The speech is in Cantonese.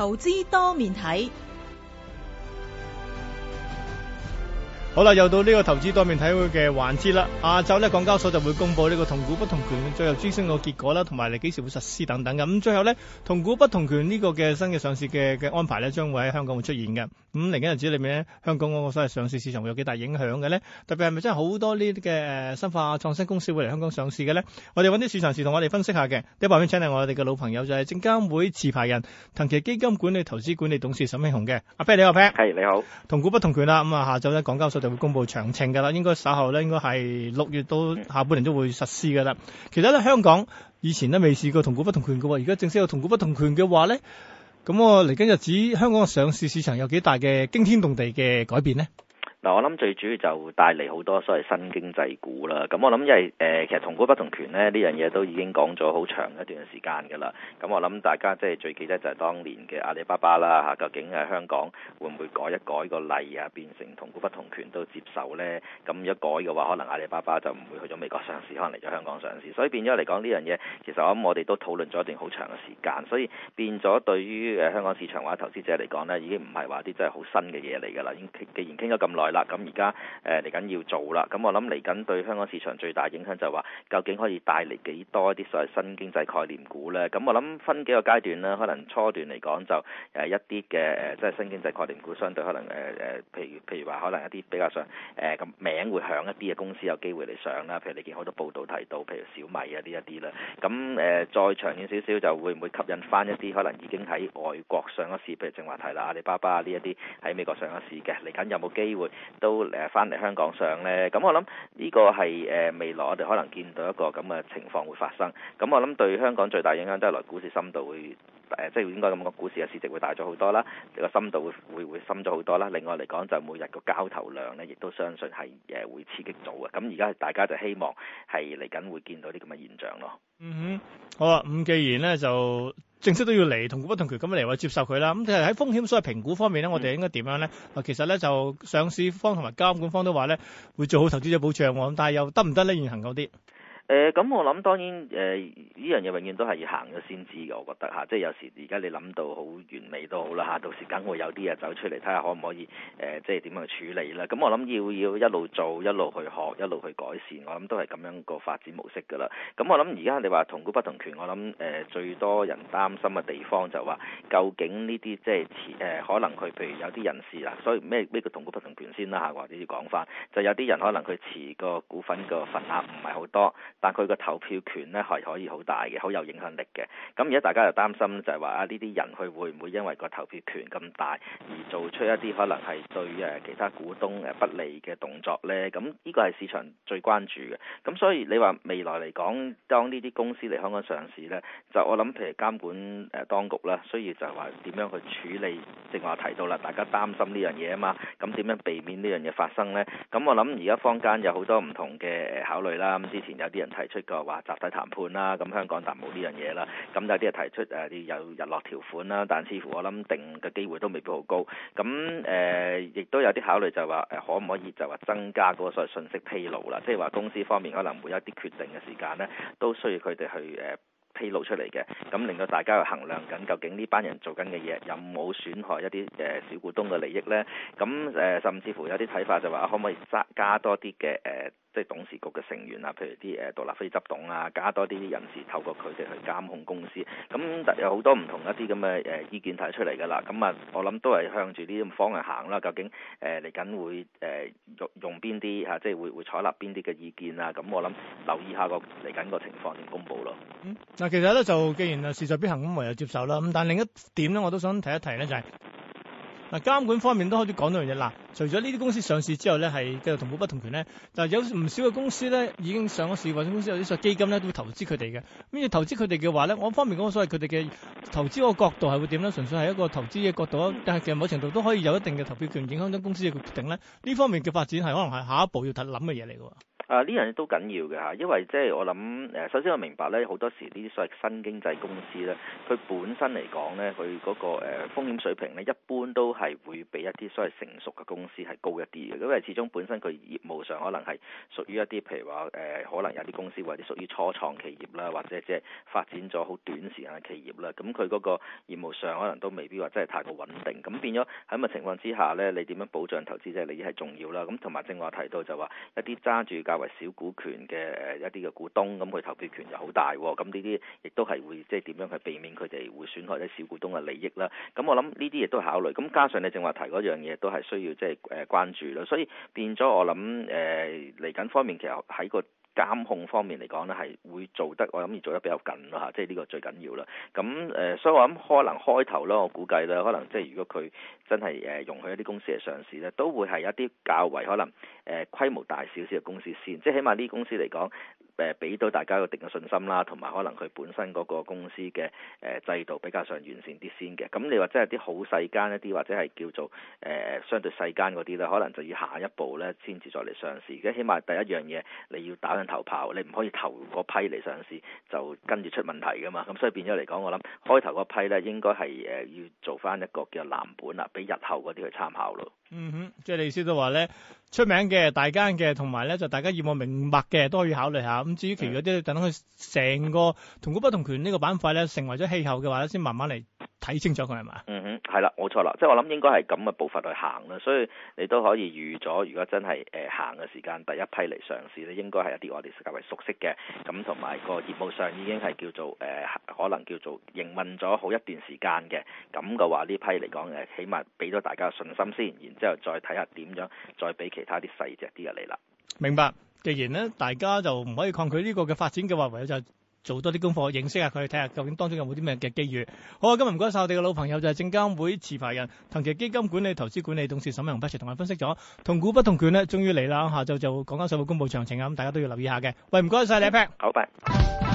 投資多面睇。好啦，又到呢個投資多面睇嘅環節啦。下晝咧，港交所就會公布呢個同股不同權最後諮詢嘅結果啦，同埋你幾時會實施等等嘅。咁最後咧，同股不同權呢個嘅新嘅上市嘅嘅安排咧，將會喺香港會出現嘅。咁嚟緊日子裏面咧，香港嗰個所謂上市市場會有幾大影響嘅咧？特別係咪真係好多呢啲嘅誒新化創新公司會嚟香港上市嘅咧？我哋揾啲市場士同我哋分析下嘅。啲外面請嚟我哋嘅老朋友就係證監會持牌人騰祺基金管理投資管理董事沈慶洪嘅。阿飛，你好，飛。係你好。同股不同權啦。咁、嗯、啊，下晝咧港交所。就會公布詳情噶啦，應該稍後咧，應該係六月到下半年都會實施噶啦。其實咧，香港以前咧未試過同股不同權噶喎，而家正式有同股不同權嘅話咧，咁我嚟緊日子香港嘅上市市場有幾大嘅驚天動地嘅改變咧？嗱、嗯，我諗最主要就帶嚟好多所謂新經濟股啦。咁、嗯、我諗因為誒、呃、其實同股不同權咧呢樣嘢都已經講咗好長一段時間㗎啦。咁、嗯、我諗大家即係最記得就係當年嘅阿里巴巴啦嚇，究竟喺香港會唔會改一改個例啊，變成同股不同權都接受呢？咁、嗯、一改嘅話，可能阿里巴巴就唔會去咗美國上市，可能嚟咗香港上市。所以變咗嚟講呢樣嘢，其實我諗我哋都討論咗一段好長嘅時間。所以變咗對於誒香港市場或者投資者嚟講呢，已經唔係話啲真係好新嘅嘢嚟㗎啦。已經既然傾咗咁耐。啦，咁而家誒嚟緊要做啦，咁、嗯、我諗嚟緊對香港市場最大影響就話、係，究竟可以帶嚟幾多啲所謂新經濟概念股呢？咁、嗯、我諗分幾個階段啦，可能初段嚟講就誒、呃、一啲嘅即係新經濟概念股，相對可能誒誒、呃，譬如譬如話可能一啲比較上誒個、呃、名會響一啲嘅公司有機會嚟上啦。譬如你見好多報道提到，譬如小米啊呢一啲啦，咁、嗯、誒、呃、再長遠少少就會唔會吸引翻一啲可能已經喺外國上咗市，譬如正話提啦阿里巴巴呢一啲喺美國上咗市嘅，嚟緊有冇機會？都誒返嚟香港上咧，咁我諗呢個係誒未來我哋可能見到一個咁嘅情況會發生，咁我諗對香港最大影響都係嚟股市深度會誒、呃，即係應該咁講，股市嘅市值會大咗好多啦，個深度會會，會深咗好多啦。另外嚟講就每日個交投量咧，亦都相信係誒會刺激到嘅。咁而家大家就希望係嚟緊會見到啲咁嘅現象咯。嗯哼，好啦，咁、嗯、既然咧就。正式都要嚟，同股不同權咁嚟話接受佢啦。咁其實喺風險率評估方面咧，嗯、我哋應該點樣咧？啊，其實咧就上市方同埋監管方都話咧，會做好投資者保障。咁但係又得唔得咧？現行嗰啲？誒咁、哎、我諗當然誒呢樣嘢永遠都係要行咗先知嘅，我覺得嚇、啊，即係有時而家你諗到好完美都好啦嚇，到時梗會有啲嘢走出嚟，睇下可唔可以誒即係點樣去處理啦。咁、嗯、我諗要要一路做，一路去學，一路去改善，我諗都係咁樣個發展模式㗎啦。咁我諗而家你話同股不同權，我諗誒最多人擔心嘅地方就話，究竟呢啲即係持可能佢譬如有啲人，人士嗱，所以咩咩叫同股不同權先啦嚇，或者要講翻，就有啲人可能佢持個股份個份額唔係好多。但佢個投票權咧係可以好大嘅，好有影響力嘅。咁而家大家又擔心就係話啊，呢啲人佢會唔會因為個投票權咁大而做出一啲可能係對誒其他股東誒不利嘅動作呢？咁呢個係市場最關注嘅。咁所以你話未來嚟講，當呢啲公司嚟香港上市呢，就我諗譬如監管誒當局啦，需要就係話點樣去處理，正話提到啦，大家擔心呢樣嘢啊嘛。咁點樣避免呢樣嘢發生呢？咁我諗而家坊間有好多唔同嘅考慮啦。咁之前有啲人，提出個話集體談判啦，咁香港就冇呢樣嘢啦。咁有啲係提出誒啲、呃、有日落條款啦，但似乎我諗定嘅機會都未必好高。咁誒、呃、亦都有啲考慮就係話可唔可以就話增加嗰個所謂信息披露啦，即係話公司方面可能會有一啲決定嘅時間呢，都需要佢哋去誒披露出嚟嘅。咁令到大家去衡量緊究竟呢班人做緊嘅嘢有冇損害一啲誒、呃、小股東嘅利益呢？咁誒、呃、甚至乎有啲睇法就話可唔可以加，加多啲嘅誒？呃即係董事局嘅成員啊，譬如啲誒獨立非執董啊，加多啲啲人士，透過佢哋去監控公司。咁有好多唔同一啲咁嘅誒意見提出嚟㗎啦。咁啊，我諗都係向住呢啲咁方向行啦。究竟誒嚟緊會誒、呃、用用邊啲吓？即係會會採納邊啲嘅意見啊？咁我諗留意下、那個嚟緊個情況先公布咯。嗯，嗱其實咧就既然事在必行咁唯有接受啦。咁但係另一點咧我都想提一提咧就係、是。嗱，監管方面都開始講呢樣嘢啦。除咗呢啲公司上市之後咧，係繼續同股不同權咧，就係、有唔少嘅公司咧已經上咗市，或者公司有啲索基金咧都會投資佢哋嘅。咁要投資佢哋嘅話咧，我方面講所謂佢哋嘅投資嗰個角度係會點咧？純粹係一個投資嘅角度咯，但係其實某程度都可以有一定嘅投票權影響到公司嘅決定咧。呢方面嘅發展係可能係下一步要睇諗嘅嘢嚟嘅。啊呢樣嘢都緊要嘅嚇，因為即係我諗誒，首先我明白咧，好多時呢啲所謂新經濟公司咧，佢本身嚟講咧，佢嗰、嗰個誒、呃、風險水平咧，一般都係會比一啲所謂成熟嘅公司係高一啲嘅。因為始終本身佢業務上可能係屬於一啲譬如話誒、呃，可能有啲公司或者屬於初創企業啦，或者即係發展咗好短時間嘅企業啦，咁佢嗰個業務上可能都未必話真係太過穩定，咁變咗喺咁嘅情況之下咧，你點樣保障投資者利益係重要啦，咁同埋正話提到就話一啲揸住為小股權嘅誒一啲嘅股東咁，佢投票權就好大喎。咁呢啲亦都係會即係點樣去避免佢哋會損害啲小股東嘅利益啦。咁我諗呢啲亦都考慮。咁加上你正話提嗰樣嘢，都係需要即係誒關注咯。所以變咗我諗誒嚟緊方面，其實喺個監控方面嚟講咧，係會做得，我諗而做得比較緊啦嚇，即係呢個最緊要啦。咁誒、呃，所以我諗可能開頭咯，我估計咧，可能即係如果佢真係誒容許一啲公司嚟上市咧，都會係一啲較為可能誒、呃、規模大少少嘅公司先，即係起碼呢啲公司嚟講。誒俾到大家一定嘅信心啦，同埋可能佢本身嗰個公司嘅誒、呃、制度比較上完善啲先嘅。咁你話即係啲好細間一啲，或者係叫做誒、呃、相對細間嗰啲咧，可能就要下一步咧先至再嚟上市。而家起碼第一樣嘢你要打響頭炮，你唔可以頭嗰批嚟上市就跟住出問題噶嘛。咁、嗯、所以變咗嚟講，我諗開頭嗰批咧應該係誒要做翻一個叫藍本啊，俾日後嗰啲去參考咯。嗯哼，即係你意思都話咧，出名嘅大間嘅，同埋咧就大家要冇明白嘅，都要考慮下。至於其他啲，是的 等佢成個同股不同權呢個板塊咧，成為咗氣候嘅話，先慢慢嚟睇清楚佢係嘛？嗯哼，係啦，冇錯啦，即係我諗應該係咁嘅步伐去行啦，所以你都可以預咗，如果真係誒行嘅時間，第一批嚟嘗試咧，應該係一啲我哋較為熟悉嘅，咁同埋個業務上已經係叫做誒、呃、可能叫做營運咗好一段時間嘅，咁嘅話呢批嚟講誒，起碼俾咗大家信心先，然之後再睇下點樣再俾其他啲細隻啲嘅嚟啦。明白。既然咧，大家就唔可以抗拒呢個嘅發展嘅話，唯有就做多啲功課，認識下佢，睇下究竟當中有冇啲咩嘅機遇。好啊，今日唔該晒，我哋嘅老朋友就係證監會持牌人騰祺基金管理投資管理董事沈慶洪一齊同我分析咗。同股不同權咧，終於嚟啦！下晝就講緊細部公布詳情啊，咁大家都要留意下嘅。喂，唔該晒，你一聲，好拜。